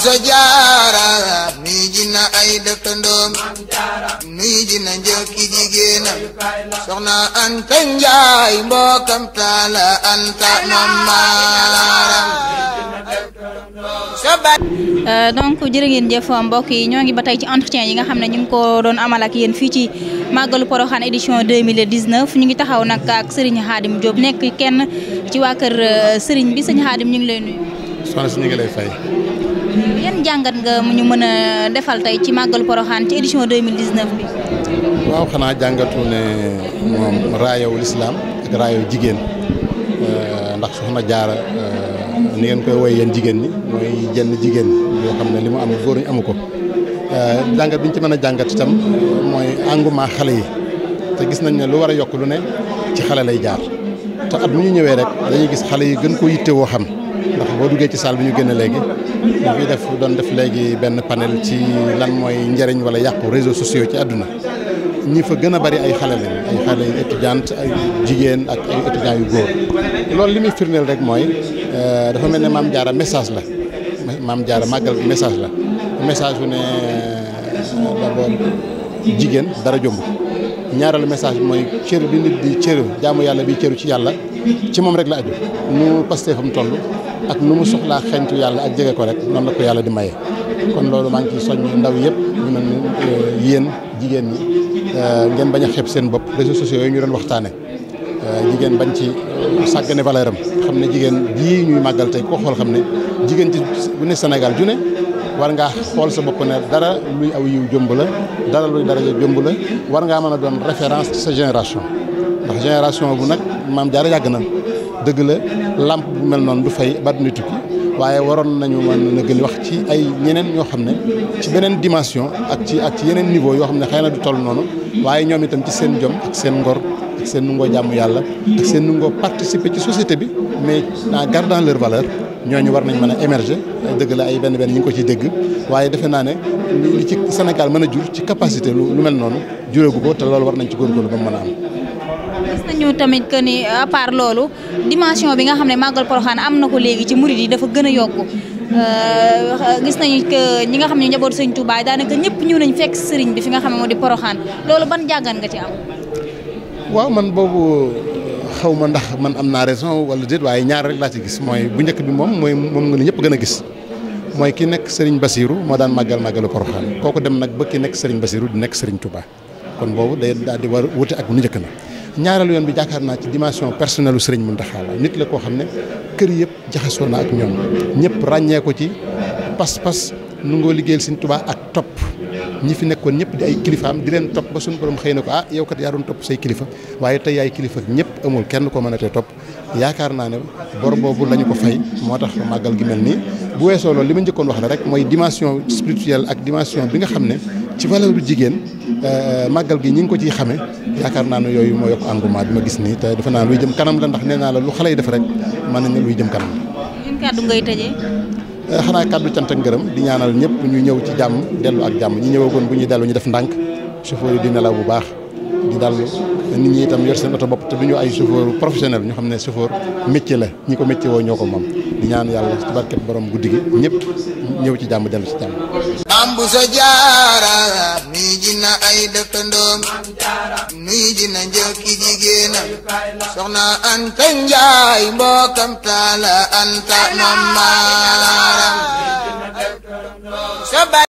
sa jaara ji na ay dëkkandoom nuy na njëkki jigéenam soxna anta njaay mbokkam taala anta mamaaram euh, donc jërë ngeen jëf mbokk yi ñoo ngi ba tey ci entretien yi nga xam ne ñu ngi ko doon amal ak yéen fii ci màggalu Poroxaan édition 2019 ñu ngi taxaw nag ak Serigne Khadim Diop nekk kenn ci waa kër euh, Serigne bi Serigne Khadim ñu ngi lay nuyu. soxna si ñu ngi lay fay. yan jàngat nga ñu mën a defal tey ci màggal Porokhane ci édition bi. waaw xanaa jàngatu ne moom raayawul islam ak raayaw jigéen euh, ndax soxna jaara euh, ni ngeen koy woy yéen jigéen ñi mooy jenn jigéen yoo xam ne li mu am góor ñu amu ko euh, jàngat bi ñu ci mën a jàngat itam mooy engouement xale yi te gis nañ ne lu war a yokk lu ne ci xale lay jaar te at mu ñu ñëwee rek dañuy gis xale yi gën ko woo xam. ndax boo duggee ci salle bi ñu génne léegi ñu fi def doon def léegi benn panel ci lan mooy njëriñ wala yàqu réseaux sociaux ci àdduna ñi fa gën a bari ay xale lañ ay xale yu ay jigéen ak ay étudiants rek mooy euh, dafa mel ne maam jaara message la maam jaara màggal message la message bu ne euh, d'abord jigéen dara jomb ñaareelu message bi mooy cër bi nit di cëru jaamu yàlla bi cëru ci yàlla ci moom rek la aju nu pastee fa mu toll ak nu mu soxlaa xentu yàlla ak jege ko rek noonu la ko yàlla di maye. kon loolu maa ngi ciy soññ ndaw yëpp ñu ne eh, yéen jigéen ñi eh, ngeen bañ a seen bopp réseaux sociaux yooyu ñu doon waxtaane eh, jigéen bañ ci sàggane valeur xam ne jigéen jii ñuy màggal ko xool xam ne jigéen ci bu ne Sénégal ju ne war ngaa xool sa bopp ne dara luy aw yiw jëmb la dara luy dara jëmb la war ngaa mën a doon référence ci sa génération ndax génération bu nag maam jaara yàgg na dëgg la làmp bu mel noonu du fay ba dina tukki waaye waroon nañu mën a gën wax ci ay ñeneen ñoo xam ne ci beneen dimension ak ci ak ci yeneen niveau yoo xam ne xëy na du toll noonu waaye ñoom itam ci seen jom ak seen ngor ak seen nungoo jàmm yàlla ak seen nungoo participer ci société bi mais en gardant leur valeur ñoo ñooñu war nañ mën a émerger dëgg la ay benn benn ñu ngi ko ci dégg waaye defe naa ne li ci Sénégal mën a jur ci capacité lu mel noonu jureegu ko loolu war nañ ci góorgóorlu ba mu mën a am ñu tamit que ni à part loolu bi nga xam ne màggal Porokhane am na ko léegi ci murid yi dafa gën a yokku euh, gis nañu nga xam ne njaboot sëñ Touba daanaka ñëpp ñëw nañ sëriñ fi nga xam ne moo di Porokhane loolu ban jàngan nga waaw man boobu xaw ma ndax man am naa wala déet waaye ñaar rek laa ci gis mooy bu njëkk bi moom mooy moom nga ne ñëpp gën a gis. mooy ki nekk Serigne Bassirou moo daan màggal màggalu Porokhane kooku dem nag ba ki nekk Serigne Bassirou di nekk Serigne Touba kon boobu day daal di war wuute ak bu njëkk na ñaareelu yoon bi jaakaar naa ci dimension personnelle u Serigne Mountakha la nit la koo xam ne kër yëpp jaxasoo na ak ñoom ñëpp ràññee ko ci pas-pas nu ngoo liggéeyal Serigne Touba ak topp ñi fi nekkoon ñëpp di ay kilifaam di leen topp ba suñu borom xëy na ko ah yow kat yaa doon topp say kilifa waaye tey yaay kilifa ñëpp amul kenn ko mën a tee topp yaakaar naa ne bor boobu la ko fay moo tax màggal gi mel nii bu weesoo loolu li ma njëkkoon wax la rek mooy dimension spirituelle ak dimension bi nga xam ne ci valeur bu jigéen euh, màggal gi ñi ngi ko ciy xame yaakaar naa ne yooyu moo yokk engouement bi ma gis nii te defe naa luy jëm kanam la ndax nee naa la lu xale yi def rek mën nañ ne luy jëm kanam la. kàddu euh, xanaa kàddu cant ngërëm di ñaanal ñëpp ñu ñëw ci jàmm dellu ak jàmm ñi ñëwagoon bu ñuy dellu ñu def ndànk chauffeur yi di nelaw bu baax di dal nit ñi itam yor seen oto bopp te du ñu ay chauffeur professionnel ñu xam ne chauffeur métier la ñi ko métier woo ñoo ko moom di yàlla ci barket borom guddi gi ñëpp ñëw ci jàmm dellu ci jàmm maam bu jaara nuy ji na ay dëkkandoom nuy ji na njëkki jigéenam soxna Anta Njaay mbokkam taala Anta ma